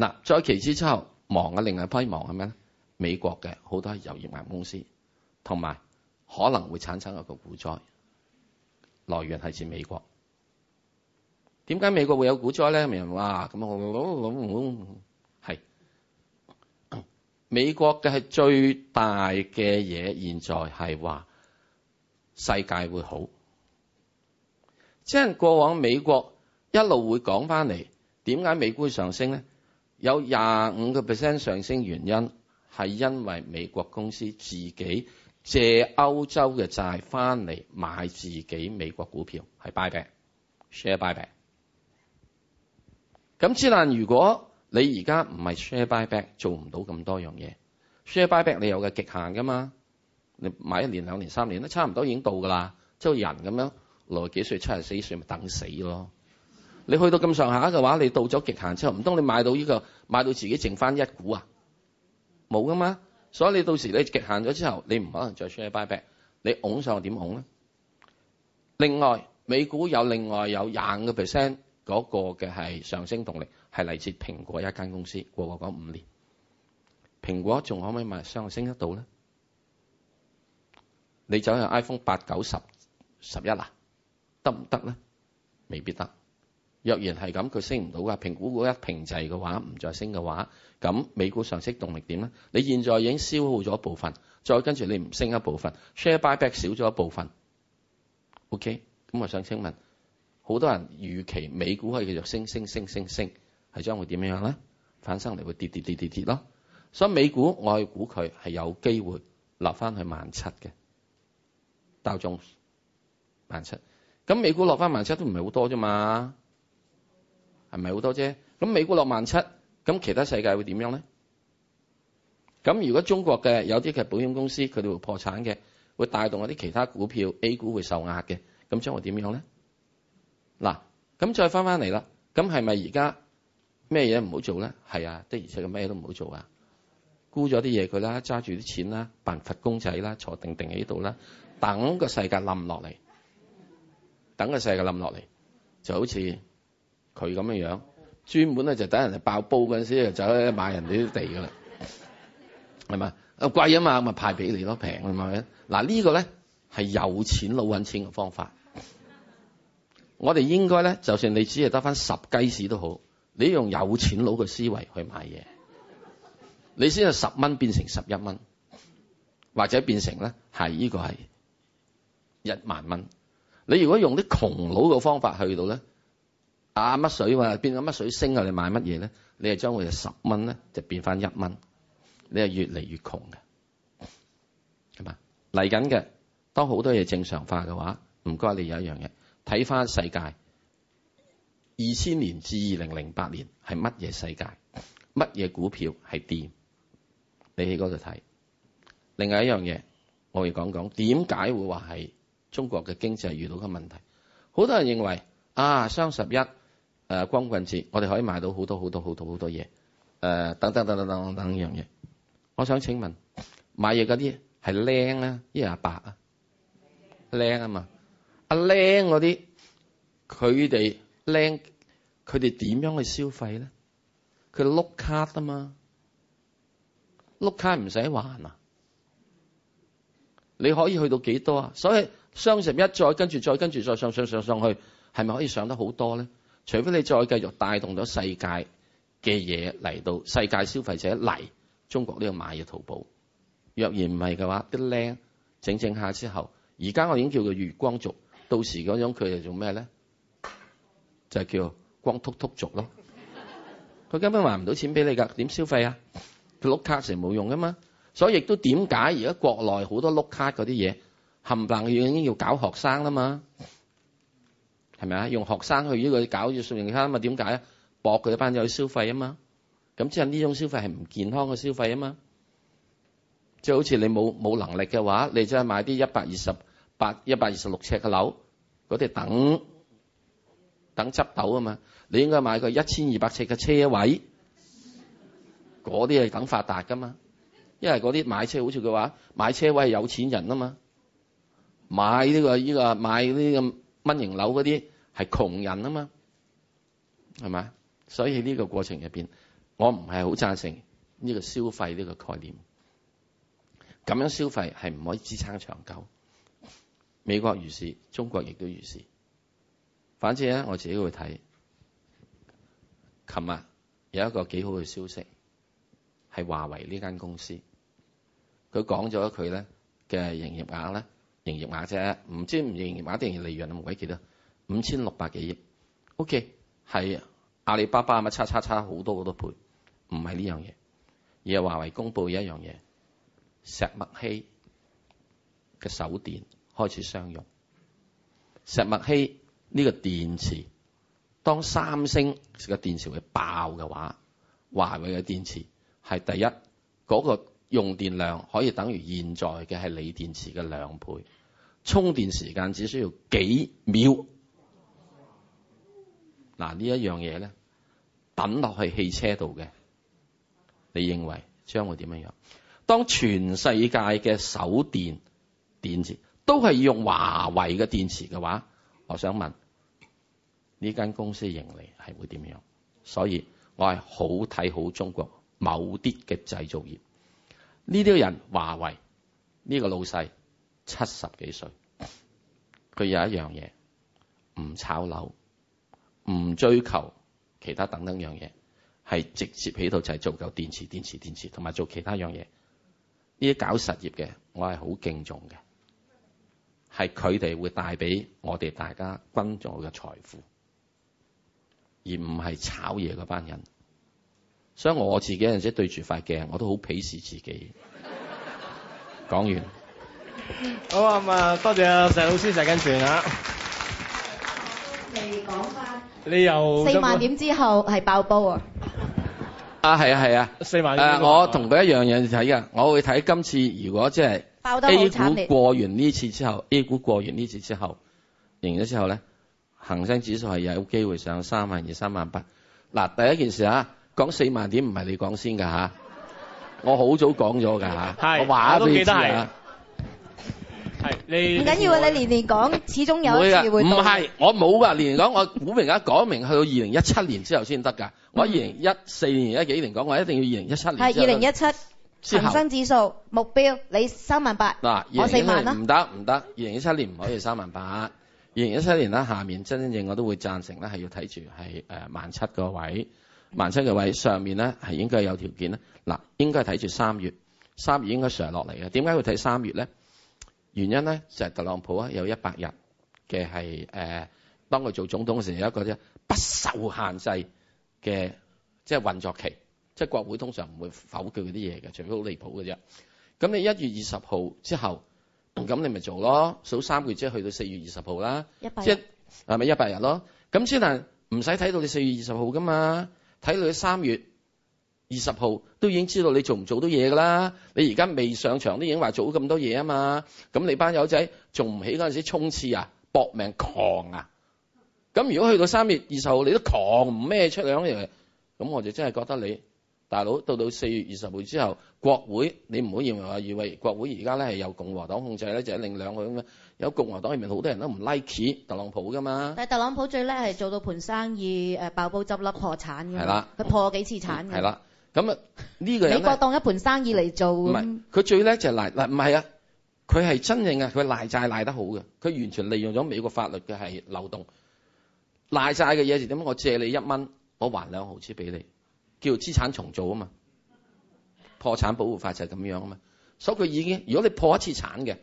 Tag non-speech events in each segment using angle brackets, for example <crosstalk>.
嗱，再其次之後，忙嘅另外一批忙係咩咧？美國嘅好多係油業有限公司，同埋可能會產生一個股災來源係自美國。點解美國會有股災咧？啲人話，咁我諗，係美國嘅係最大嘅嘢，現在係話世界會好。即係過往美國一路會講翻嚟，點解美股會上升咧？有廿五個 percent 上升原因係因為美國公司自己借歐洲嘅債返嚟買自己美國股票，係 buy back share buy back。咁之但如果你而家唔係 share buy back，做唔到咁多樣嘢。share buy back 你有個極限㗎嘛？你買一年兩年三年都差唔多已經到㗎啦，即係人咁樣六幾歲七十四歲咪等死囉。你去到咁上下嘅話，你到咗極限之後，唔通你買到呢個買到自己剩翻一股啊？冇噶嘛，所以你到時你極限咗之後，你唔可能再 share buy back。拜你拱上去點拱咧？另外，美股有另外有廿五個 percent 嗰個嘅係上升動力，係嚟自蘋果一間公司。我講五年，蘋果仲可唔可以賣上升得到咧？你走向 iPhone 八九十十一啦得唔得咧？未必得。若然係咁，佢升唔到噶，評估股一平滯嘅話，唔再升嘅話，咁美股上升動力點咧？你現在已經消耗咗一部分，再跟住你唔升一部分，share buyback 少咗一部分，OK？咁我想請問，好多人預期美股可以繼續升升升升升，係將會點樣呢？咧？反生嚟會跌跌跌跌跌咯。所以美股我去估佢係有機會落翻去萬七嘅，Dow Jones 萬七。咁美股落翻萬七都唔係好多啫嘛。係咪好多啫？咁美股落萬七，咁其他世界會點樣咧？咁如果中國嘅有啲嘅保險公司，佢哋會破產嘅，會帶動一啲其他股票 A 股會受壓嘅，咁將會點樣咧？嗱，咁再翻翻嚟啦，咁係咪而家咩嘢唔好做咧？係啊，的而且確咩都唔好做啊！沽咗啲嘢佢啦，揸住啲錢啦，扮佛公仔啦，坐定定喺度啦，等個世界冧落嚟，等個世界冧落嚟，就好似～佢咁嘅樣，專門咧就等人係爆煲嗰陣時，就走去買人哋啲地噶啦，係咪啊？貴啊嘛，咪派俾你咯平啊，係咪？嗱、這個、呢個咧係有錢佬搵錢嘅方法，我哋應該咧，就算你只係得翻十雞屎都好，你用有錢佬嘅思維去買嘢，你先係十蚊變成十一蚊，或者變成咧係呢個係一萬蚊。你如果用啲窮佬嘅方法去到咧？啊乜水話、啊、變咗乜水升啊？你買乜嘢咧？你係將會係十蚊咧，就變翻一蚊，你係越嚟越窮嘅，係嘛？嚟緊嘅，當好多嘢正常化嘅話，唔該你有一樣嘢，睇翻世界二千年至二零零八年係乜嘢世界？乜嘢股票係跌？你喺嗰度睇。另外一樣嘢，我哋講講點解會話係中國嘅經濟遇到嘅問題？好多人認為啊，雙十一。誒、呃、光棍節，我哋可以買到好多好多好多好多嘢，誒等等等等等等樣嘢。我想請問買嘢嗰啲係靚啊，一係阿伯啊，靚啊，啊，啊，啊，啊，啊，啊嘛。阿靚嗰啲佢哋靚，佢哋點樣去消費咧？佢碌卡啊嘛，碌卡唔使還啊。你可以去到幾多啊？所以雙十一再跟住再跟住再上上上上，上，上去，係咪可以上得好多咧？除非你再繼續帶動咗世界嘅嘢嚟到世界消費者嚟中國呢度買嘢淘寶，若然唔係嘅話，啲僆整整下之後，而家我已經叫佢月光族，到時嗰種佢係做咩咧？就係叫光禿禿族咯。佢根本還唔到錢俾你㗎，點消費啊？佢碌卡成冇用㗎嘛。所以亦都點解而家國內好多碌卡嗰啲嘢，冚唪唥已經要搞學生啦嘛。係咪啊？用學生去呢個搞住信用卡，咪點解啊？博佢一班友去消費啊嘛。咁即係呢種消費係唔健康嘅消費啊嘛。即係好似你冇冇能力嘅話，你真係買啲一百二十八、一百二十六尺嘅樓，嗰啲等等執到啊嘛。你應該買個一千二百尺嘅車位，嗰啲係等發達噶嘛。因為嗰啲買車好似佢話買車位係有錢人啊嘛。買呢個呢個買呢咁。蚊型樓嗰啲係窮人啊嘛，係咪？所以呢個過程入邊，我唔係好贊成呢個消費呢個概念。咁樣消費係唔可以支撐長久。美國如是，中國亦都如是。反正咧，我自己會睇。琴日有一個幾好嘅消息，係華為呢間公司，佢講咗佢咧嘅營業額咧。營業額啫，唔知唔營業，營業一定營利潤啊！冇鬼幾記得五千六百幾億。O.K. 係阿里巴巴咪叉叉叉好多好多倍，唔係呢樣嘢，而係華為公布的一樣嘢：石墨烯嘅手電開始商用。石墨烯呢個電池，當三星個電池會爆嘅話，華為嘅電池係第一嗰、嗰個用電量可以等於現在嘅係鋰電池嘅兩倍。充電時間只需要幾秒，嗱，呢一樣嘢咧，等落去汽車度嘅，你認為將會點樣樣？當全世界嘅手電電池都係用華為嘅電池嘅話，我想問呢間公司的盈利係會點樣？所以我係好睇好中國某啲嘅製造業，呢啲人華為呢個老細七十幾歲。佢有一樣嘢，唔炒樓，唔追求其他等等樣嘢，係直接喺度就係、是、做夠電池、電池、電池，同埋做其他樣嘢。呢啲搞實業嘅，我係好敬重嘅，係佢哋會帶俾我哋大家幫助我嘅財富，而唔係炒嘢嗰班人。所以我自己有陣時對住塊鏡，我都好鄙視自己。講 <laughs> 完。好啊啊，嗯嗯，多謝阿、啊、石老師石根泉啊。我哋講翻，你又四萬點之後係爆煲啊？啊，係啊係啊，四萬點。點、啊。我同佢一樣樣睇噶，我會睇今次如果即係 A 股過完呢次之後，A 股過完呢次之後，贏咗之後咧，恒生指數係有機會上三萬二、三萬八。嗱，第一件事啊，講四萬點唔係你講先噶吓、啊，我好早講咗噶吓，我話都記得。啊。係你唔緊要啊！你年年講，始終有次會唔係？我冇話年年講，我估明啊講明去到二零一七年之後先得噶。我二零一四年、一幾年講，我一定要二零一七年。係二零一七，恒生指數目標你三萬八，我四萬啦。唔得唔得，二零一七年唔可以三萬八。二零一七年咧，下面真正我都會讚成咧，係要睇住係誒萬七個位，萬七個位上面咧係應該有條件咧。嗱、啊，應該係睇住三月，三月應該上落嚟嘅。點解會睇三月咧？原因咧就係、是、特朗普啊，有一百日嘅係誒，當佢做總統嘅時候有一個啫不受限制嘅即係運作期，即、就、係、是、國會通常唔會否決嗰啲嘢嘅，除非好離譜嘅啫。咁你一月二十號之後，咁你咪做咯，數三個月即係去到四月二十號啦，即係咪一百日、就是、咯？咁先能唔使睇到你四月二十號㗎嘛？睇到你三月。二十號都已經知道你做唔做到嘢㗎啦，你而家未上場都已經話做咗咁多嘢啊嘛，咁你班友仔仲唔起嗰陣時衝刺啊，搏命狂啊，咁如果去到三月二十號你都狂唔咩出糧咧，咁我就真係覺得你大佬到到四月二十號之後國會你唔好認為話以為,以為國會而家咧係由共和黨控制咧，就係另兩個咁樣，有共和黨入面好多人都唔 like 特朗普噶嘛。但係特朗普最叻係做到盤生意誒爆煲執笠破產嘅，係啦，佢破幾次產嘅。咁啊，這個、呢個美國當一盤生意嚟做。唔係，佢最叻就係賴，嗱唔係啊，佢係真正嘅。佢賴債賴得好嘅，佢完全利用咗美國法律嘅係漏洞，賴債嘅嘢就點解？我借你一蚊，我還兩毫子俾你，叫資產重組啊嘛。破產保護法就係咁樣啊嘛。所以佢已經，如果你破一次產嘅，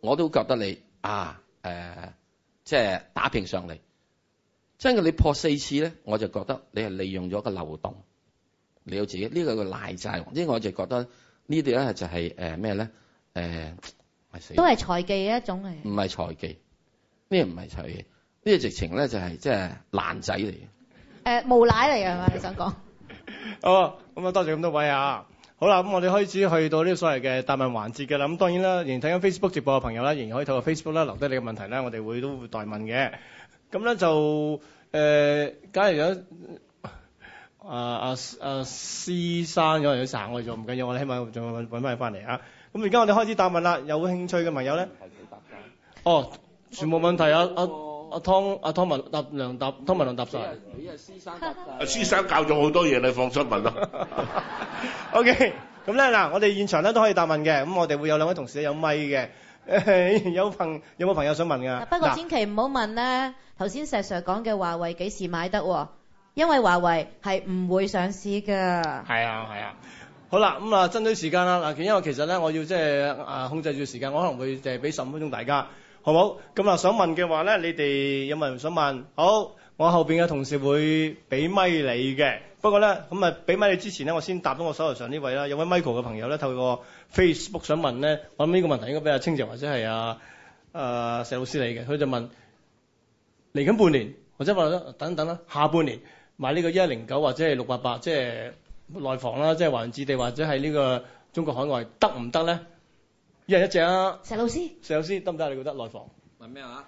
我都覺得你啊，誒、呃，即、就、係、是、打平上嚟。真係你破四次咧，我就覺得你係利用咗個漏洞。你有自己呢個叫賴債王，另我就覺得、就是呃、呢啲咧就係誒咩咧？誒、呃，都係財技嘅一種嚟。唔係財技，呢個唔係財技，呢個直情咧就係即係爛仔嚟嘅。誒、呃、無賴嚟㗎嘛？你想講？ <laughs> 哦，咁、嗯、啊，多謝咁多位啊！好啦，咁、嗯、我哋開始去到呢個所謂嘅答問環節嘅啦。咁、嗯、當然啦，仍然睇緊 Facebook 直播嘅朋友啦，仍然可以透過 Facebook 啦留低你嘅問題啦。我哋會都會代問嘅。咁、嗯、咧就誒，假如有。啊啊啊！師生有人要省，我哋做唔緊要，我哋希望仲揾揾翻嘢翻嚟啊！咁而家我哋開始答問啦，有興趣嘅朋友咧，係師哦，全部問題啊。阿阿湯阿湯文答梁答湯文龍答晒。佢係師生伯嘅，師生教咗好多嘢你放出問咯。OK，咁咧嗱，我哋現場咧都可以答問嘅，咁我哋會有兩位同事有咪嘅，有朋有冇朋友想問噶。不過千祈唔好問咧，頭先石 Sir 講嘅華為幾時買得喎？因為華為係唔會上市㗎。係啊係啊。好啦，咁啊，爭取時間啦。嗱，因為其實咧，我要即係啊，控制住時間，我可能會淨係俾十五分鐘大家，好冇？咁啊，想問嘅話咧，你哋有冇人想問？好，我後邊嘅同事會俾咪你嘅。不過咧，咁啊，俾咪你之前咧，我先答到我手頭上呢位啦。有位 Michael 嘅朋友咧，透過 Facebook 想問咧，我諗呢個問題應該俾阿清哲或者係啊，阿、呃、石老師嚟嘅。佢就問：嚟緊半年，或者話等等啦，下半年？買呢個一零九或者係六八八，即係內房啦，即、就、係、是、華潤置地或者係呢個中國海外，得唔得咧？一人一隻啊！石老師，石老師得唔得？你覺得內房？問咩啊？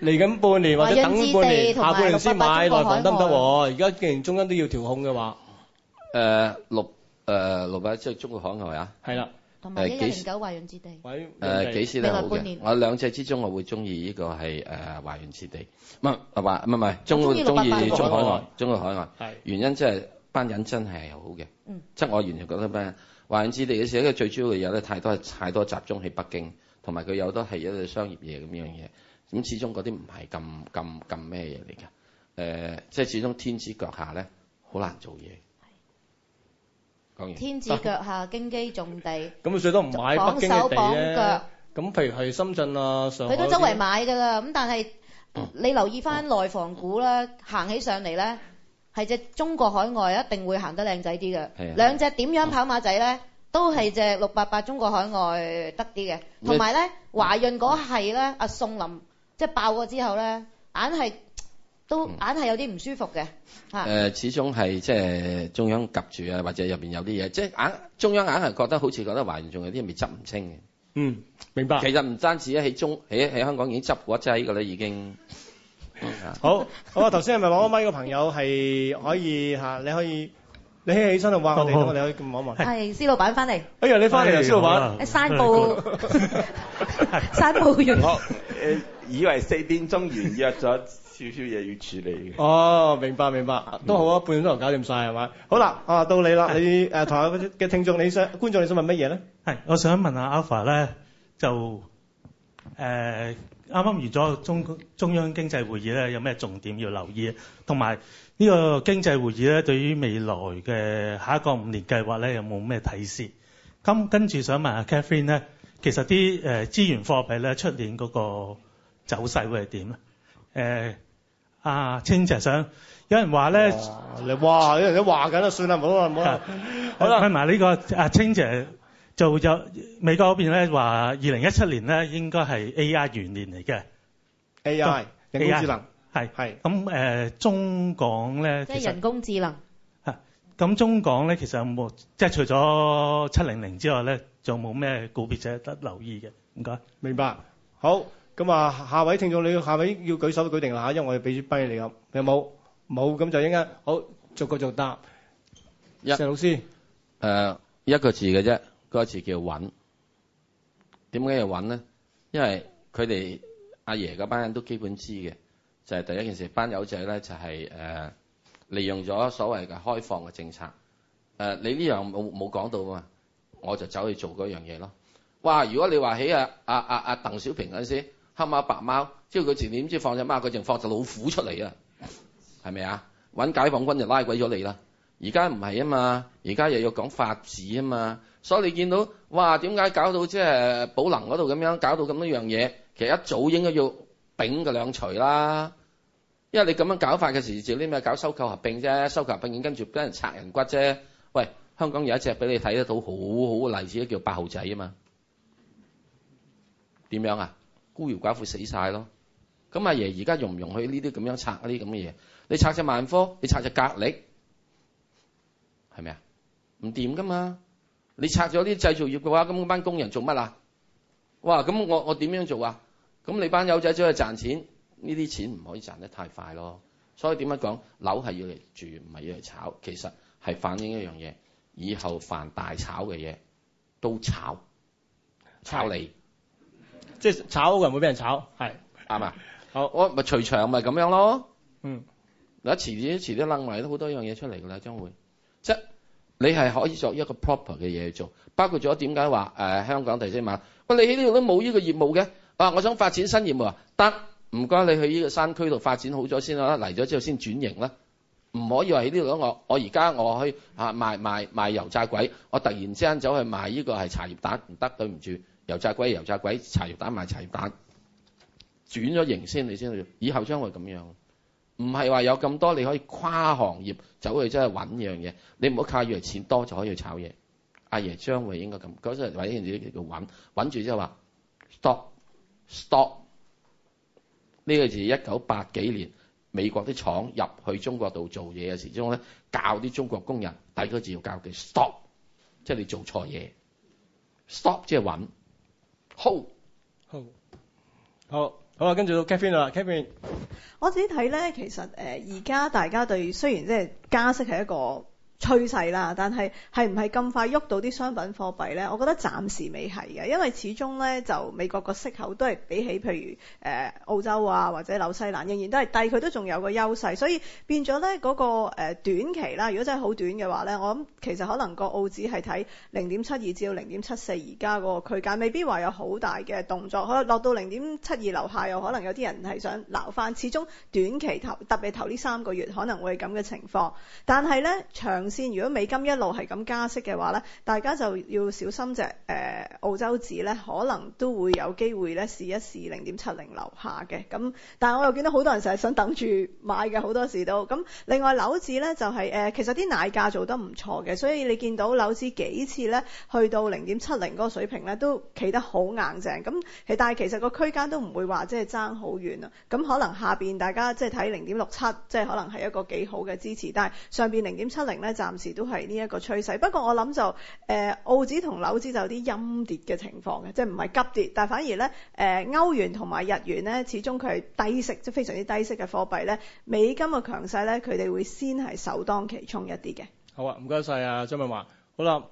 嚟緊半年或者等半年、啊、下半年先買內房得唔得？而家、啊、既然中間都要調控嘅話，誒、呃、六誒、呃、六百一即係中國海外係咪啊？係啦。同埋呢個零九華潤置地，誒、呃、幾時都好嘅。我兩隻之中，我會中意呢個係誒華潤置地。唔係華，唔係唔係，中意中意中海外，中意中海外。是原因即、就、係、是、班人真係好嘅。嗯。即係我完全覺得班人華潤置地嘅事，因為最主要嘅嘢咧，太多太多集中喺北京，同埋佢有多係一啲商業嘢咁樣嘢。咁始終嗰啲唔係咁咁咁咩嘢嚟嘅。誒、呃，即係始終天子腳下咧，好難做嘢。天子腳下京畿重地，咁佢最多唔買北京地咧。咁譬如係深圳啊，上海，佢都周圍買㗎啦。咁但係你留意返內房股咧，行起上嚟咧，係隻中國海外一定會行得靚仔啲嘅。兩隻點樣跑馬仔咧，都係隻六八八中國海外得啲嘅。同埋咧，華潤嗰係咧，阿宋林即係爆過之後咧，硬係。都硬係有啲唔舒服嘅嚇、嗯嗯。始終係即係中央夾住啊，或者入邊有啲嘢，即係硬中央硬係覺得好似覺得懷疑，仲有啲未執唔清嘅。嗯，明白。其實唔單止咧，喺中喺喺香港已經執過一劑嘅啦，這個、已經。嗯、好，好啊！頭先係咪攞緊麥嘅朋友係可以 <laughs> 你可以，你，可以你起身嚟話我哋，我哋可以望望。係，司老闆翻嚟。哎呀，你翻嚟啊，司老闆。散、哎、步，散步完。 <laughs> <laughs> 群 <laughs> 以為四點鐘完約咗。 <laughs> <laughs> 少少嘢要處理。嘅哦，明白明白，好嗯、都好啊，半個鐘搞掂晒，係、呃、嘛？好啦，啊到你啦，你誒台下嘅聽眾你想觀眾你想問乜嘢咧？係，我想問下 Alpha 咧，就誒啱啱完咗中中央經濟會議咧，有咩重點要留意？同埋呢個經濟會議咧，對於未來嘅下一個五年計劃咧，有冇咩提示？咁跟住想問下 Catherine 咧，其實啲誒資源貨幣咧出年嗰個走勢會係點咧？誒、哎，阿、啊、青姐想，有人話咧，哇！有人都話緊啦，算啦，唔好啦，唔好啦。好啦。跟埋呢個阿青、啊、姐做，就有美國嗰邊咧話，二零一七年咧應該係 AI 元年嚟嘅。AI 人工智能係係。咁誒，中港咧，即係人工智能嚇。咁、啊、中港咧，其實,、就是啊、其實有冇即係除咗七零零之外咧，仲有冇咩個別者得留意嘅？唔該。明白。好。咁啊，下位聽眾，你下位要舉手都舉定啦嚇，因為我哋俾支筆你咁，有冇？冇咁就應該好，逐個逐答。一，石老師。誒、呃，一個字嘅啫，個字叫穩。點解要穩咧？因為佢哋阿爺嗰班人都基本知嘅，就係、是、第一件事，班友仔咧就係、是、誒、呃、利用咗所謂嘅開放嘅政策。誒、呃，你呢樣冇冇講到啊？我就走去做嗰樣嘢咯。哇！如果你話起阿、啊、阿、啊啊、鄧小平嗰陣時，黑貓白貓，只要佢前點知放隻貓，佢淨放隻老虎出嚟啊，係咪啊？揾解放軍就拉鬼咗你啦！而家唔係啊嘛，而家又要講法治啊嘛，所以你見到哇，點解搞到即係寶能嗰度咁樣，搞到咁多樣嘢？其實一早應該要丙佢兩錘啦，因為你咁樣搞法嘅時節，啲咩搞收購合併啫？收購合併完跟住俾人拆人骨啫。喂，香港有一隻俾你睇得到好好嘅例子，叫八號仔啊嘛，點樣啊？孤兒寡婦死曬咯，咁阿爺而家容唔容許呢啲咁樣拆呢啲咁嘅嘢？你拆隻萬科，你拆隻格力，係咪啊？唔掂噶嘛！你拆咗啲製造業嘅話，咁班工人做乜啊？哇！咁我我點樣做啊？咁你班友仔走去賺錢，呢啲錢唔可以賺得太快咯。所以點樣講？樓係要嚟住，唔係要嚟炒。其實係反映一樣嘢，以後犯大炒嘅嘢都炒，抄即係炒個人會俾人炒，係啱啊！好，我咪隨場咪咁樣咯。嗯，嗱，遲啲遲啲楞埋都好多樣嘢出嚟㗎啦，將會。即你係可以作一個 proper 嘅嘢做，包括咗點解話誒香港地積碼。喂，你喺呢度都冇呢個業務嘅，啊，我想發展新業務啊，得，唔該你去呢個山區度發展好咗先啦，嚟咗之後先轉型啦。唔可以話喺呢度講我，我而家我可以嚇、啊、賣賣，賣，賣油炸鬼，我突然之間走去賣呢個係茶葉蛋，唔得，對唔住。油炸鬼，油炸鬼，柴魚蛋賣柴魚蛋，轉咗型先，你先。以後將會咁樣，唔係話有咁多你可以跨行業走去真係揾樣嘢。你唔好靠以為錢多就可以去炒嘢。阿爺將會應該咁嗰陣揾呢樣嘢叫做揾揾住之後話 stop stop 呢個字，一九八幾年美國啲廠入去中國度做嘢嘅時中咧教啲中國工人第二個字要教嘅 stop, stop 即係你做錯嘢 stop 即係揾。好，好，好好啊，跟住到 Kevin 啦，Kevin，我自己睇咧，其實誒，而家大家對雖然即係加息係一個。趨勢啦，但係係唔係咁快喐到啲商品貨幣呢？我覺得暫時未係嘅，因為始終呢，就美國個息口都係比起譬如誒、呃、澳洲啊或者紐西蘭仍然都係低，佢都仲有個優勢，所以變咗呢嗰個短期啦，如果真係好短嘅話呢，我諗其實可能個澳指係睇零點七二至到零點七四而家嗰個區間，未必話有好大嘅動作，可能落到零點七二樓下又可能有啲人係想留翻，始終短期頭特別頭呢三個月可能會咁嘅情況，但係呢長。先，如果美金一路係咁加息嘅話呢，大家就要小心隻誒、呃、澳洲紙呢，可能都會有機會呢試一試零點七零樓下嘅。咁，但係我又見到好多人成日想等住買嘅好多時候都咁。另外樓紙呢就係、是、誒、呃，其實啲奶價做得唔錯嘅，所以你見到樓紙幾次呢去到零點七零個水平呢，都企得好硬淨。咁，但係其實個區間都唔會話即係爭好遠啊。咁可能下邊大家即係睇零點六七，即係可能係一個幾好嘅支持。但係上邊零點七零呢。暫時都係呢一個趨勢，不過我諗就誒，澳紙同紐紙就有啲陰跌嘅情況嘅，即係唔係急跌，但係反而咧誒，歐元同埋日元咧，始終佢係低息，即係非常之低息嘅貨幣咧，美金嘅強勢咧，佢哋會先係首當其衝一啲嘅。好啊，唔該晒啊，張敏華。好啦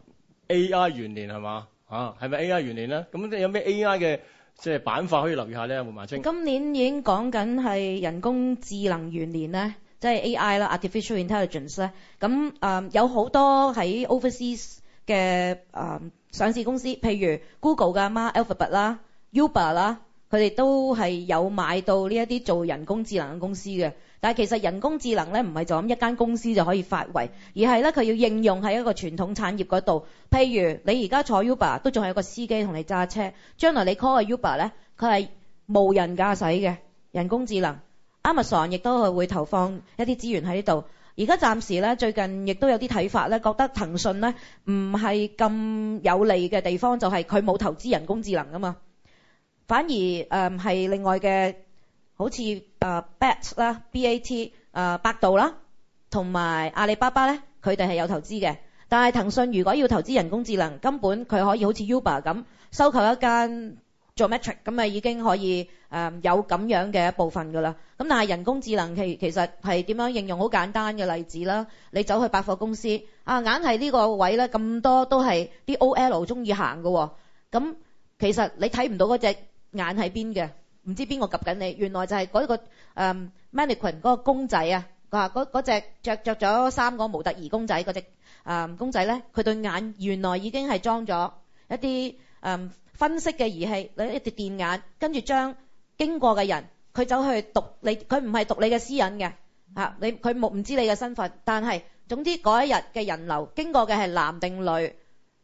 ，AI 元年係嘛啊？係咪 AI 元年咧？咁有咩 AI 嘅即係板塊可以留意下咧？胡孟青。今年已經講緊係人工智能元年咧。即係 AI 啦，artificial intelligence 咧。咁、嗯、有好多喺 overseas 嘅誒、嗯、上市公司，譬如 Google 嘅阿媽 Alphabet 啦、Uber 啦，佢哋都係有買到呢一啲做人工智能嘅公司嘅。但係其實人工智能咧唔係就咁一間公司就可以發圍，而係咧佢要應用喺一個傳統產業嗰度。譬如你而家坐 Uber 都仲係有一個司機同你揸車，將來你 call Uber 咧，佢係無人駕駛嘅人工智能。Amazon 亦都係會投放一啲資源喺呢度。而家暫時咧，最近亦都有啲睇法咧，覺得騰訊咧唔係咁有利嘅地方，就係佢冇投資人工智能噶嘛。反而係、嗯、另外嘅，好似 BAT 啦，BAT 誒、啊、百度啦，同埋阿里巴巴咧，佢哋係有投資嘅。但係騰訊如果要投資人工智能，根本佢可以好似 Uber 咁收購一間。做 metric 咁咪已經可以誒、嗯、有咁樣嘅一部分㗎啦。咁但係人工智能其實其實係點樣應用？好簡單嘅例子啦。你走去百貨公司啊，眼係呢個位咧，咁多都係啲 OL 中意行嘅。咁、嗯、其實你睇唔到嗰隻眼喺邊嘅，唔知邊個及緊你。原來就係嗰、嗰個、嗯、mannequin 嗰個公仔啊，嗱嗰嗰隻着著咗三個模特兒公仔嗰隻誒公仔咧，佢對眼原來已經係裝咗一啲誒。嗯分析嘅儀器，嗱一隻電眼，跟住將經過嘅人，佢走去讀你，佢唔係讀你嘅私隱嘅，嚇你佢冇唔知你嘅身份，但係總之嗰一日嘅人流經過嘅係男定女，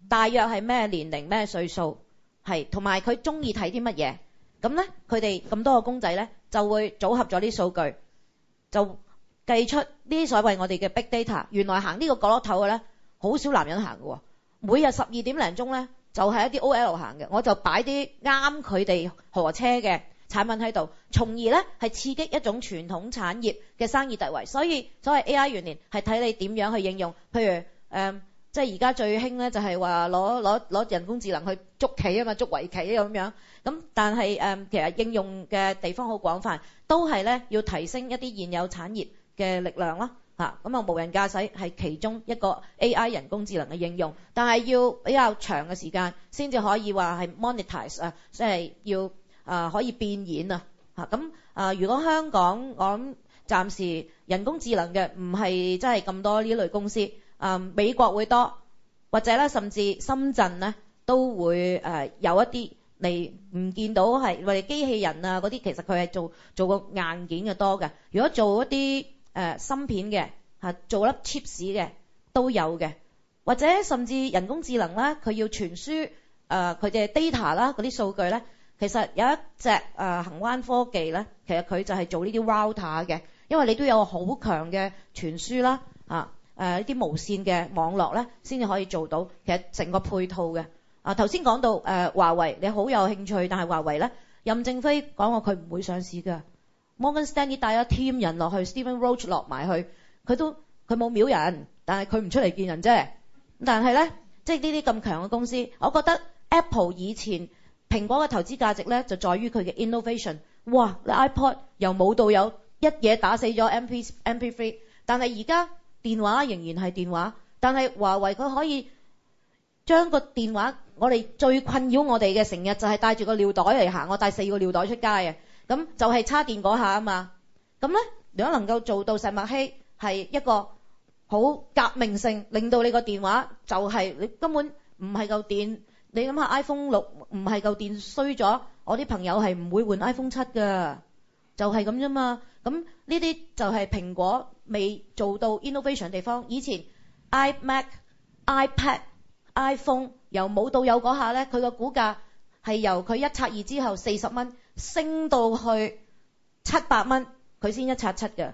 大約係咩年齡、咩歲數，係同埋佢中意睇啲乜嘢，咁呢佢哋咁多個公仔呢就會組合咗啲數據，就計出呢所謂我哋嘅 big data，原來行呢個角落頭嘅呢好少男人行㗎喎，每日十二點零鐘呢。就係、是、一啲 O L 行嘅，我就擺啲啱佢哋何車嘅產品喺度，從而呢係刺激一種傳統產業嘅生意突圍。所以所謂 A I 元年係睇你點樣去應用，譬如誒、嗯，即係而家最興呢，就係話攞攞攞人工智能去捉棋啊嘛，捉圍棋咁樣。咁但係誒、嗯，其實應用嘅地方好廣泛，都係呢要提升一啲現有產業嘅力量囉。嚇，咁啊，無人駕駛係其中一個 AI 人工智能嘅應用，但係要比較長嘅時間先至可以話係 monetize 啊，即係要啊可以變現啊嚇。咁啊，如果香港我諗暫時人工智能嘅唔係真係咁多呢類公司，啊美國會多，或者咧甚至深圳咧都會誒有一啲你唔見到係或者機器人啊嗰啲，其實佢係做做個硬件嘅多嘅。如果做一啲，誒芯片嘅嚇，做粒 chip 嘅都有嘅，或者甚至人工智能啦，佢要傳輸誒佢嘅 data 啦，嗰啲數據咧，其實有一隻誒恆灣科技咧，其實佢就係做呢啲 router 嘅，因為你都有好強嘅傳輸啦啊誒啲無線嘅網絡咧，先至可以做到，其實成個配套嘅。啊頭先講到華為，你好有興趣，但係華為咧，任正非講過佢唔會上市㗎。Morgan Stanley 帶咗 team 人落去，Stephen Roach 落埋去，佢都佢冇秒人，但係佢唔出嚟見人啫。但係咧，即係呢啲咁強嘅公司，我覺得 Apple 以前蘋果嘅投資價值咧就在於佢嘅 innovation。哇，你 iPod 由冇到有一嘢打死咗 MP MP3，但係而家電話仍然係電話。但係華為佢可以將個電話，我哋最困擾我哋嘅成日就係、是、帶住個尿袋嚟行，我帶四個尿袋出街嘅。咁就係叉電嗰下啊嘛，咁咧如果能夠做到石墨烯係一個好革命性，令到你個電話就係、是、你根本唔係嚿電，你諗下 iPhone 六唔係嚿電衰咗，我啲朋友係唔會換 iPhone 七㗎，就係咁啫嘛。咁呢啲就係蘋果未做到 innovation 地方。以前 iMac、iPad、iPhone 由冇到有嗰下咧，佢個股價係由佢一拆二之後四十蚊。升到去700七百蚊，佢先一七七嘅。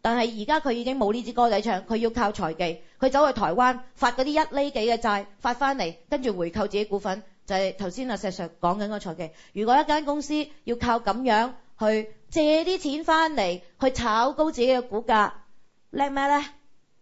但係而家佢已經冇呢支歌仔唱，佢要靠財技。佢走去台灣發嗰啲一厘幾嘅債，發翻嚟，跟住回購自己股份。就係頭先阿石 sir 講緊個財技。如果一間公司要靠咁樣去借啲錢翻嚟去炒高自己嘅股價，叻咩咧？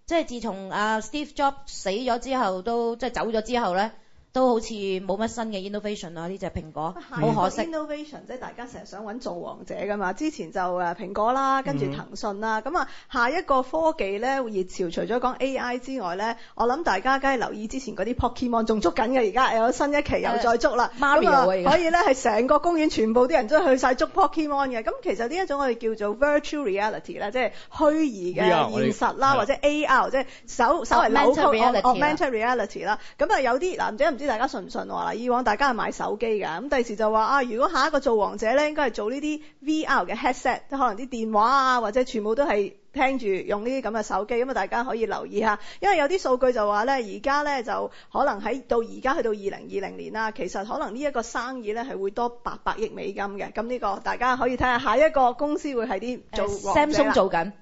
即係自從阿 Steve Jobs 死咗之後，都即係走咗之後咧。都好似冇乜新嘅 innovation 啦，呢隻蘋果，好可惜。innovation 即係大家成日想揾造王者㗎嘛。之前就誒蘋果啦，跟住騰訊啦，咁、嗯、啊下一個科技咧會熱潮，除咗講 AI 之外咧，我諗大家梗係留意之前嗰啲 Pokemon 仲捉緊㗎，而家有新一期又再捉啦。咁、呃、啊可以咧係成個公園全部啲人都去曬捉 Pokemon 嘅。咁其實呢一種我哋叫做 virtual reality 啦，即係虛擬嘅現實啦、yeah,，或者 AR 即係稍稍微扭 augmented reality 啦、啊。咁啊有啲男仔。唔、啊、知。知大家信唔信話以往大家係買手機㗎，咁第時就話啊，如果下一個做王者咧，應該係做呢啲 VR 嘅 headset，即可能啲電話啊，或者全部都係聽住用呢啲咁嘅手機，咁啊大家可以留意一下，因為有啲數據就話咧，而家咧就可能喺到而家去到二零二零年啦，其實可能呢一個生意咧係會多八百億美金嘅。咁呢個大家可以睇下，下一個公司會係啲做、呃、Samsung 做緊，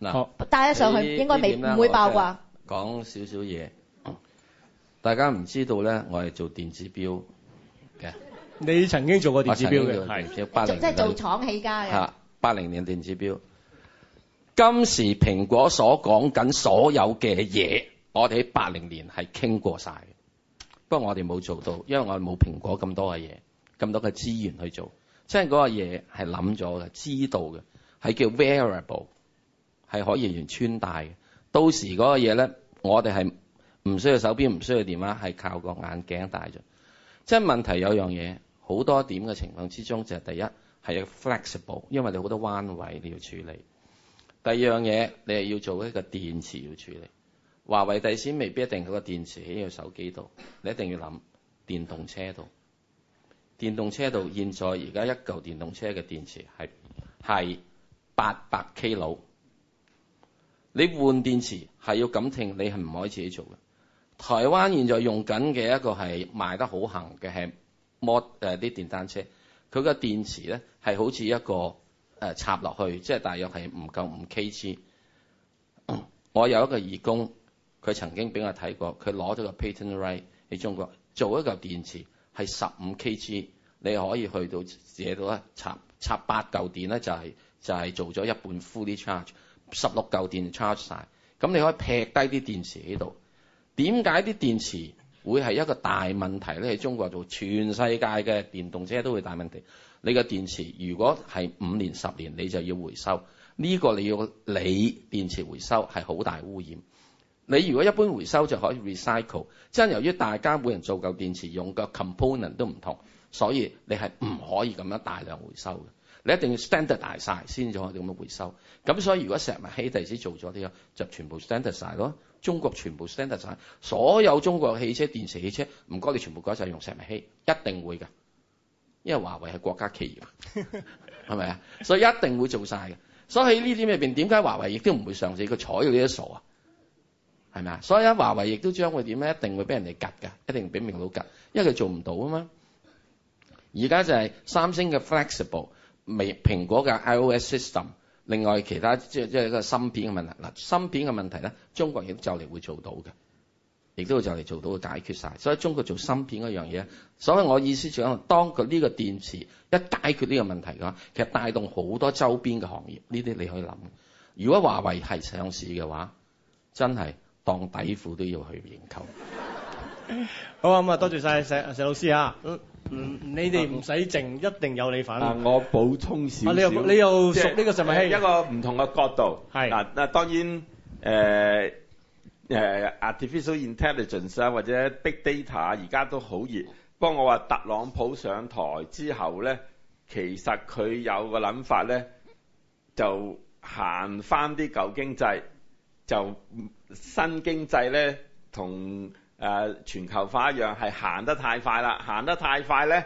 嗱、嗯、帶一上去應該未唔會爆啩。講少少嘢。大家唔知道咧，我係做電子錶嘅。你曾經做過電子錶嘅，係即係做廠起家嘅。嚇，八零年電子錶。今時蘋果所講緊所有嘅嘢，我哋喺八零年係傾過晒。不過我哋冇做到，因為我哋冇蘋果咁多嘅嘢，咁多嘅資源去做。即係嗰個嘢係諗咗嘅，知道嘅，係叫 variable，係可以完穿戴嘅。到時嗰個嘢咧，我哋係。唔需要手錶，唔需要電話，係靠個眼鏡戴咗。即係問題有樣嘢，好多點嘅情況之中，就係、是、第一係有 flexible，因為你好多彎位你要處理。第二樣嘢，你係要做一個電池要處理。華為第先未必一定佢個電池喺個手機度，你一定要諗電動車度。電動車度現在而家一嚿電動車嘅電池係係八百 kilo，你換電池係要感聽，你係唔可以自己做嘅。台灣現在用緊嘅一個係賣得好行嘅係摩誒啲、呃、電單車，佢個電池咧係好似一個、呃、插落去，即係大約係唔夠五 kg。我有一個義工，佢曾經俾我睇過，佢攞咗個 patent、right、r a g 喺中國做一個電池係十五 kg，你可以去到借到咧插插八嚿電咧就係、是、就係、是、做咗一半 fully charge，十六嚿電 charge 曬，咁你可以劈低啲電池喺度。點解啲電池會係一個大問題咧？喺中國做全世界嘅電動車都會大問題。你嘅電池如果係五年十年，你就要回收呢個你要你電池回收係好大污染。你如果一般回收就可以 recycle，真係由於大家每人做夠電池用嘅 component 都唔同，所以你係唔可以咁樣大量回收嘅。你一定要 standard 大晒先至可以咁樣回收，咁所以如果石墨烯第時做咗啲、呢個，就全部 standard 曬咯。中國全部 standard 曬，所有中國汽車、電池汽車，唔該你全部改晒用石墨烯，一定會嘅，因為華為係國家企業，係咪啊？所以一定會做晒嘅。所以呢啲入邊，點解華為亦都唔會上市？佢採用呢一傻啊，係咪啊？所以華為亦都將會點咧？一定會俾人哋夾嘅，一定俾命佬夾，因為佢做唔到啊嘛。而家就係三星嘅 flexible。未蘋果嘅 iOS system，另外其他即係即係一個芯片嘅問題。嗱，芯片嘅問題咧，中國亦都就嚟會做到嘅，亦都就嚟做到解決曬。所以中國做芯片嗰樣嘢，所以我意思就係當佢呢個電池一解決呢個問題嘅話，其實帶動好多周邊嘅行業。呢啲你可以諗。如果華為係上市嘅話，真係當底褲都要去研究。 <laughs> 好啊，咁、嗯、多謝曬石石老師嚇。嗯、你哋唔使剩，一定有你份。啊、我補充少少、啊。你又你又熟呢、就是這個陳文系、呃、一個唔同嘅角度。係。嗱、呃、嗱，當然誒、呃呃、artificial intelligence 啊，或者 big data 而家都好熱。不過我話特朗普上台之後咧，其實佢有個諗法咧，就行翻啲舊經濟，就新經濟咧同。誒全球化一樣係行得太快啦，行得太快呢，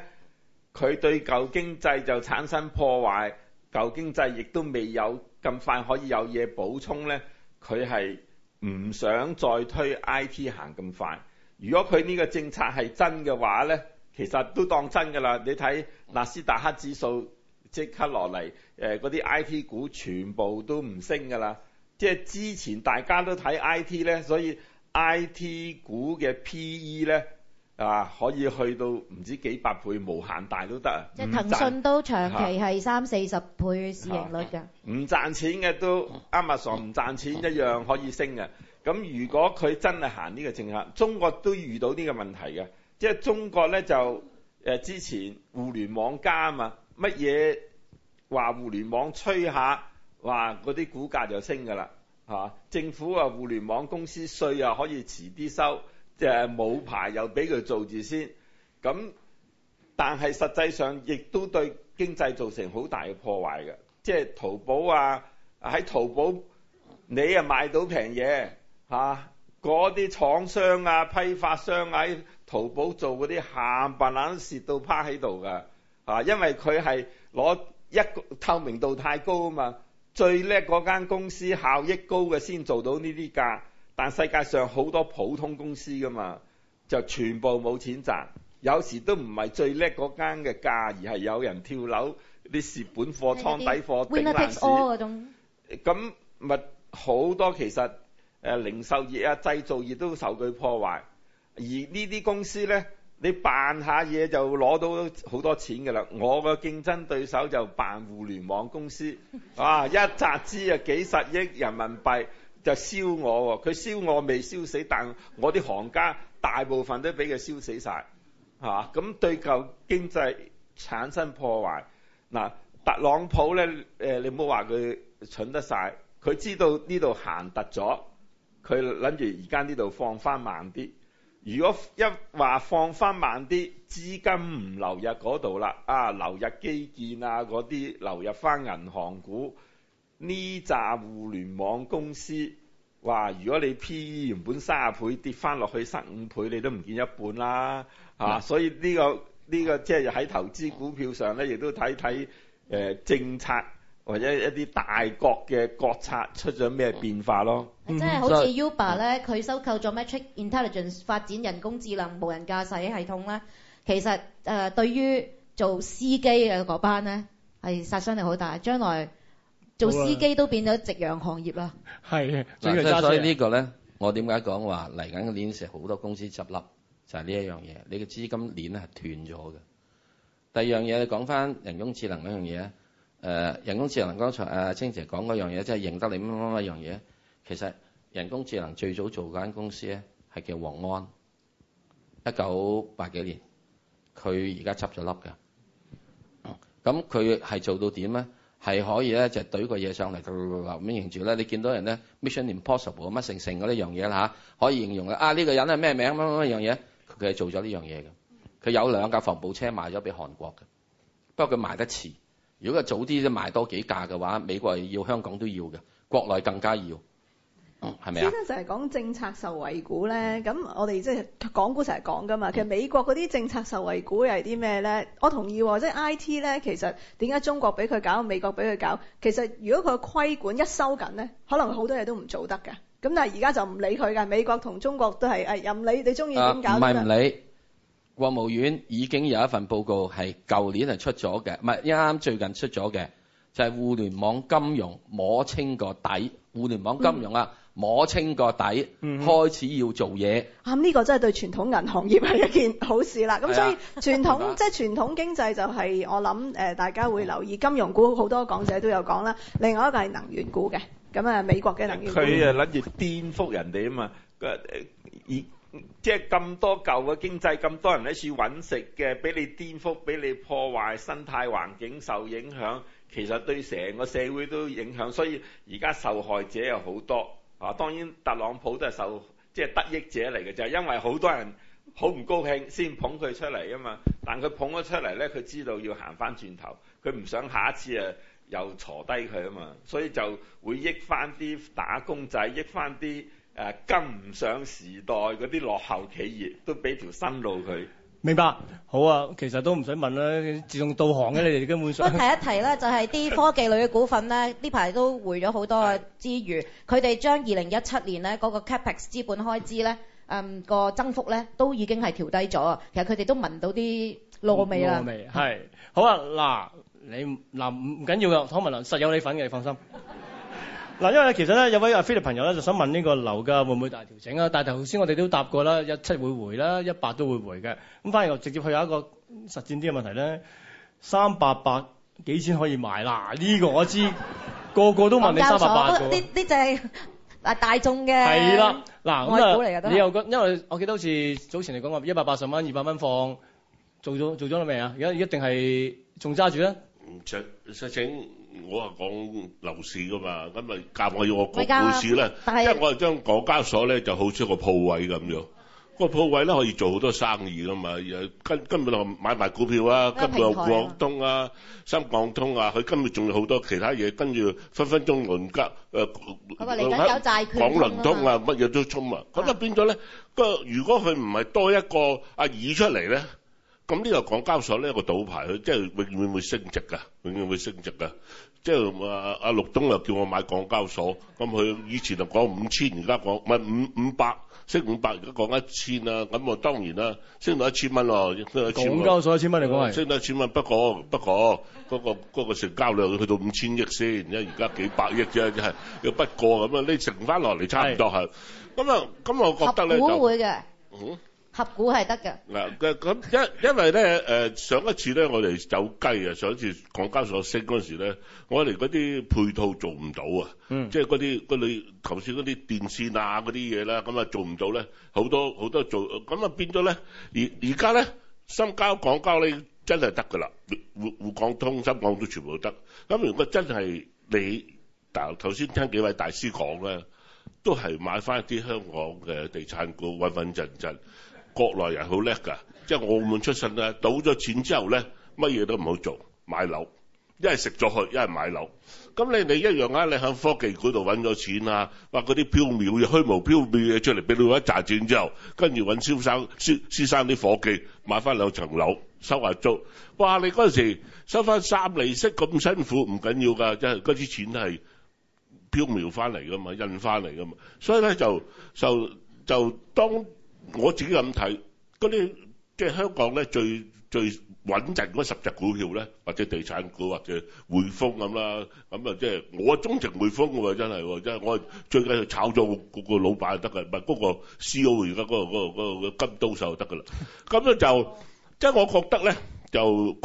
佢對舊經濟就產生破壞，舊經濟亦都未有咁快可以有嘢補充呢，佢係唔想再推 I T 行咁快。如果佢呢個政策係真嘅話呢，其實都當真㗎啦。你睇納斯達克指數即刻落嚟，誒嗰啲 I T 股全部都唔升㗎啦。即係之前大家都睇 I T 呢，所以。I.T. 股嘅 P.E. 咧啊，可以去到唔知幾百倍，無限大都得啊！即係騰訊都長期係三四十倍市盈率㗎、啊。唔、啊啊、賺錢嘅都 Amazon，唔、啊、賺錢一樣可以升嘅。咁如果佢真係行呢個政策，中國都遇到呢個問題嘅。即、就、係、是、中國咧就、啊、之前互聯網加啊嘛，乜嘢話互聯網吹下，話嗰啲股價就升㗎啦。嚇、啊！政府話、啊、互聯網公司稅啊可以遲啲收，誒、啊、冇牌又俾佢做住先。咁、啊、但係實際上亦都對經濟造成好大嘅破壞嘅。即、就、係、是、淘寶啊，喺淘寶你啊買到平嘢嚇，嗰、啊、啲廠商啊、批發商喺、啊、淘寶做嗰啲冚唪唥蝕到趴喺度㗎嚇，因為佢係攞一個透明度太高啊嘛。最叻嗰間公司效益高嘅先做到呢啲價，但世界上好多普通公司噶嘛，就全部冇錢賺，有時都唔係最叻嗰間嘅價，而係有人跳樓，你蝕本貨、倉底貨、頂爛市。咁咪好多其實誒零售業啊、製造業都受佢破壞，而呢啲公司呢。你扮下嘢就攞到好多錢㗎啦！我個競爭對手就辦互聯網公司， <laughs> 啊、一集資就幾十億人民幣，就燒我喎！佢燒我未燒死，但我啲行家大部分都俾佢燒死曬，咁、啊嗯、對舊經濟產生破壞。嗱、啊，特朗普咧、呃，你唔好話佢蠢得曬，佢知道呢度行突咗，佢諗住而家呢度放翻慢啲。如果一話放翻慢啲，資金唔流入嗰度啦，啊，流入基建啊嗰啲，流入翻銀行股，呢紮互聯網公司，話如果你 P E 原本三十倍跌翻落去十五倍，你都唔見一半啦、吓，所以呢、呢個呢、呢個即係喺投資股票上咧，亦都睇睇、呃、政策。或者一啲大國嘅國策出咗咩變化咯、嗯即，即係好似 Uber 咧，佢收購咗 Metric Intelligence 發展人工智能無人駕駛系統咧，其實誒、呃、對於做司機嘅嗰班咧，係殺傷力好大，將來做司機都變咗夕陽行業啦。係，所以呢個呢個咧，我點解講話嚟緊嘅年成好多公司執笠，就係呢一樣嘢，你嘅資金鏈係斷咗嘅。第二樣嘢，你講翻人工智能嗰樣嘢咧？誒、呃、人工智能剛才誒清、啊、姐講嗰樣嘢，即係認得你乜乜乜一樣嘢。其實人工智能最早做嗰間公司咧係叫黃安，一九八幾年，佢而家執咗笠㗎。咁佢係做到點咧？係可以咧就係、對個嘢上嚟咁樣認住咧。你見到人咧 mission impossible 乜成成嗰啲樣嘢啦嚇可以形容嘅啊呢個人係咩名乜乜乜樣嘢？佢係做咗呢樣嘢嘅。佢有兩架防暴車賣咗俾韓國嘅，不過佢賣得遲。如果係早啲即係多買幾架嘅話，美國係要香港都要嘅，國內更加要，係咪啊？先生就係講政策受惠股咧，咁我哋即係港股成日講噶嘛。其實美國嗰啲政策受惠股又係啲咩咧？我同意，即係 IT 咧，其實點解中國俾佢搞，美國俾佢搞？其實如果佢規管一收緊咧，可能好多嘢都唔做得嘅。咁但係而家就唔理佢㗎，美國同中國都係誒，任你你中意點搞。唔係唔理。國務院已經有一份報告係舊年係出咗嘅，唔係啱啱最近出咗嘅，就係、是、互聯網金融摸清個底，互聯網金融啊摸清個底、嗯，開始要做嘢、嗯。啊、咁、這、呢個真係對傳統銀行業係一件好事啦。咁所以傳統即係、嗯傳，就是、傳統經濟就係、是、我諗、呃、大家會留意金融股，好多講者都有講啦。另外一個係能源股嘅，咁、嗯、啊美國嘅能源股。佢啊諗住顛覆人哋啊嘛，以。呃呃即係咁多舊嘅經濟，咁多人喺處揾食嘅，俾你顛覆，俾你破壞生態環境，受影響，其實對成個社會都影響。所以而家受害者有好多。啊，當然特朗普都係受即係得益者嚟嘅，就係因為好多人好唔高興先捧佢出嚟啊嘛。但佢捧咗出嚟呢，佢知道要行翻轉頭，佢唔想下一次啊又挫低佢啊嘛。所以就會益翻啲打工仔，益翻啲。誒跟唔上時代嗰啲落後企業，都俾條新路佢。明白，好啊，其實都唔使問啦，自動導航嘅你哋根本上。 <laughs> 提一提咧，就係、是、啲科技類嘅股份咧，呢 <laughs> 排都回咗好多之餘，佢哋將二零一七年咧嗰個 capex 資本開支咧，個、嗯、增幅咧都已經係調低咗啊。其實佢哋都聞到啲燶味啦。燶味係 <laughs> 好啊。嗱，你嗱唔緊要嘅，湯文亮實有你份嘅，你放心。嗱，因為其實咧有位菲律賓朋友咧就想問呢個樓價會唔會大調整啊？但係頭先我哋都答過啦，一七會回啦，一八都會回嘅。咁反而我直接去有一個實戰啲嘅問題咧，三八八幾錢可以賣啦？呢、呢個我知道個個都問你三百八呢啱啦，啲啲係大眾嘅。係、嗯、啦，嗱咁啊，你又個因為我記得好似早前你講過一百八,八十蚊二百蚊放做咗做咗啦未啊？而家一定係仲揸住啊？唔想整。我係講樓市噶嘛，咁咪夾我要我講股市咧，因為我係將港交所咧就好似一個鋪位咁樣，個鋪位咧可以做好多生意噶嘛，又根根本就買埋股票啊，根本住廣東啊、深港通啊，佢今日仲有好多其他嘢，跟住分分鐘輪價誒、呃那個、嚟緊有債券通、港輪通啊，乜嘢都衝啊，咁就變咗咧個，如果佢唔係多一個啊二出嚟咧。咁呢個港交所呢個賭牌，佢即係永遠會升值㗎，永遠會升值㗎。即係阿阿陸東又叫我買港交所，咁佢以前就講五千，而家講唔係五五百升五百，啊，而家講一千啦。咁我當然啦，升到一千蚊喎。港交所一千蚊嚟講，升到一千蚊。不過不過，嗰、嗰個嗰個成交量去到五千億先，而家而家幾百億啫，係。不過咁你乘翻落嚟差唔多係。咁啊咁，我覺得呢會就會嘅。嗯合股係得嘅，嗱嘅，咁因因為咧，誒上一次咧我哋走雞啊，上一次港交所升嗰陣時咧，我哋嗰啲配套做唔到啊、嗯，即係嗰啲嗰啲頭先嗰啲電線啊嗰啲嘢啦，咁啊做唔到咧，好多好多做咁啊，變咗咧，而而家咧，深交港交咧真係得㗎啦，互滬港通深港都全部都得。咁如果真係你頭頭先聽幾位大師講咧，都係買翻一啲香港嘅地產股穩穩陣陣。國內人好叻㗎，即係澳門出身咧，賭咗錢之後咧，乜嘢都唔好做，買樓，一係食咗佢，一係買樓。咁你哋一樣啦，你喺科技股度揾咗錢啊，哇！嗰啲飄渺嘢、虛無飄渺嘢出嚟，俾你一揸轉之後，跟住揾蕭生蕭蕭生啲伙計，買翻兩層樓，收下租。哇！你嗰陣時收翻三厘息咁辛苦，唔緊要㗎，即係嗰啲錢係飄渺翻嚟㗎嘛，印翻嚟㗎嘛。所以咧就就就當。我自己咁睇，嗰啲即係香港咧最最穩陣嗰十隻股票咧，或者地產股或者匯豐咁啦，咁啊即係我鍾情匯豐嘅喎，真係，即係我最緊要炒咗個個老闆就得㗎，唔係嗰個 C.O. 而家嗰個嗰個嗰個金刀手就得㗎啦。咁樣就即係我覺得咧，就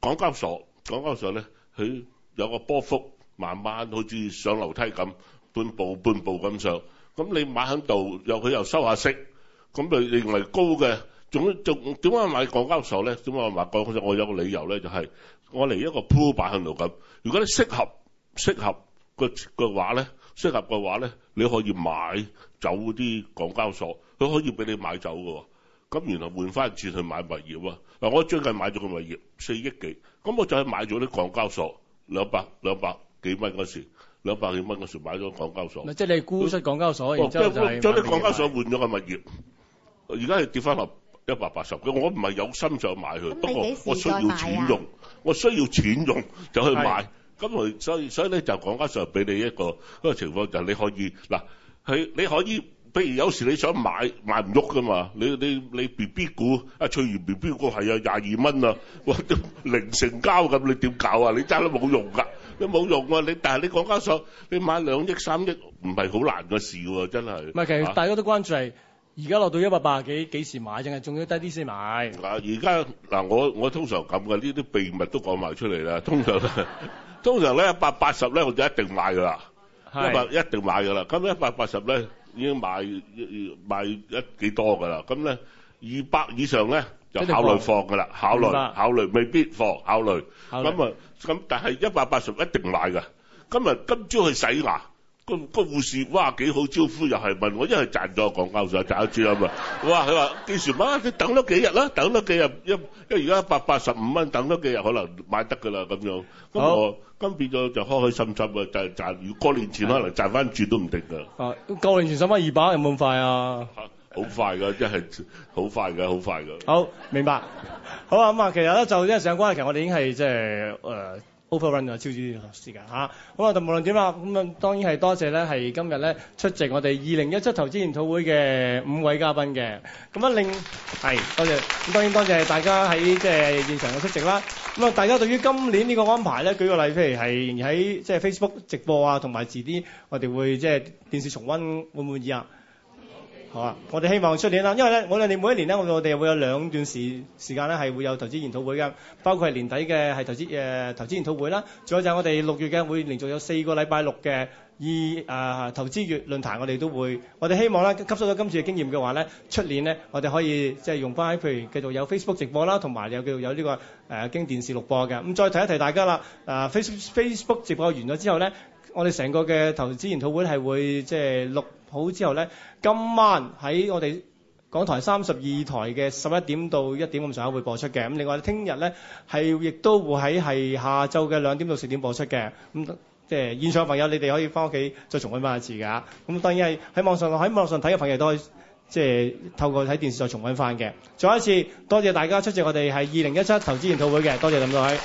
港交所，港交所咧，佢有個波幅慢慢好似上樓梯咁，半步半步咁上。咁你買喺度，又佢又收下息。咁就認為高嘅，仲總點解買港交所呢？點解話買港交所？我有個理由呢，就係、是、我嚟一個 pull back 喺度咁。如果你適合適合個話呢，適合個話呢，你可以買走啲港交所，佢可以畀你買走㗎喎。咁然後換翻錢去買物業喎。嗱，我最近買咗個物業四億幾，咁我就係買咗啲港交所兩百兩百幾蚊嗰時，兩百幾蚊嗰時買咗港交所。即係你沽出港交所，然之後就係將啲港交所換咗個物業。而家係跌翻落一百八十嘅，我唔係有心想買佢，不過我需要錢用，我需要錢用就去買。咁佢所以所以咧就講家上俾你一個嗰個情況就係你可以，嗱，佢你可以，譬如有時你想買買唔喐噶嘛，你你你 B B 股阿翠怡 B B 股係有廿二蚊啊，哇啲零成交咁你點搞啊？你揸都冇用噶，你冇用啊！你但係你講家上你買兩億三億唔係好難嘅事喎，真係。唔係，其實大家都關注係。而家落到一百八十幾，幾時買？淨係仲要低啲先買。嗱，而家嗱我我通常咁嘅，呢啲秘密都講埋出嚟啦。通常通常咧一百八十咧我就一定買噶啦，一百一定買噶啦。咁一百八十咧已經買買一幾多噶啦。咁咧二百以上咧就考慮放噶啦，考慮考慮未必放，考慮。咁啊咁，但係一百八十一定買噶。今日今朝去洗牙。個、那個護士哇幾好招呼，又係問我一係賺咗，講交上賺一轉啊嘛！哇，佢話幾時買？你等多幾日啦、啊，等多幾日因為而家一百八十五蚊，等多幾日可能買得噶啦咁樣。咁我咁變咗就開開心心啊，就係賺過年前可能賺翻轉都唔定噶。啊，過年前收翻二百有冇咁快啊？好、啊、快噶，真係好快噶，好快噶。好明白，好啊咁啊，其實咧就因為上關咧，其實我哋已經係即係誒。呃 Overrun 超級的時間啊，超資投資師嘅好啊！就無論點啊，咁當然係多謝呢。係今日出席我哋二零一七投資研討會嘅五位嘉賓嘅，咁啊另係多謝當然多謝大家喺現場嘅出席啦。大家對於今年呢個安排呢，舉個例譬如係喺 Facebook 直播啊，同埋遲啲我哋會即係電視重溫，滿唔滿意啊？好啊，我哋希望出年啦，因為咧，我哋每一年咧，我哋會有兩段時時間咧，係會有投資研討會嘅，包括係年底嘅係投資誒投資研討會啦。仲有就係我哋六月嘅會，連續有四個禮拜六嘅二誒、啊、投資月論壇，我哋都會。我哋希望咧，吸收咗今次嘅經驗嘅話咧，出年咧，我哋可以即係用翻，譬如繼續有 Facebook 直播啦，同埋有叫做有呢、這個誒、呃、經電視錄播嘅。咁再提一提大家啦，誒、呃、Facebook Facebook 直播完咗之後咧。我哋成個嘅投資研討會係會即係錄好之後咧，今晚喺我哋港台三十二台嘅十一點到一點咁上下會播出嘅。咁另外咧，聽日咧係亦都會喺係下晝嘅兩點到四點播出嘅。咁即係現場朋友，你哋可以翻屋企再重温翻一次㗎。咁當然係喺網上喺網上睇嘅朋友都可以即係透過睇電視再重温翻嘅。再一次多謝大家出席我哋係二零一七投資研討會嘅，多謝咁多位。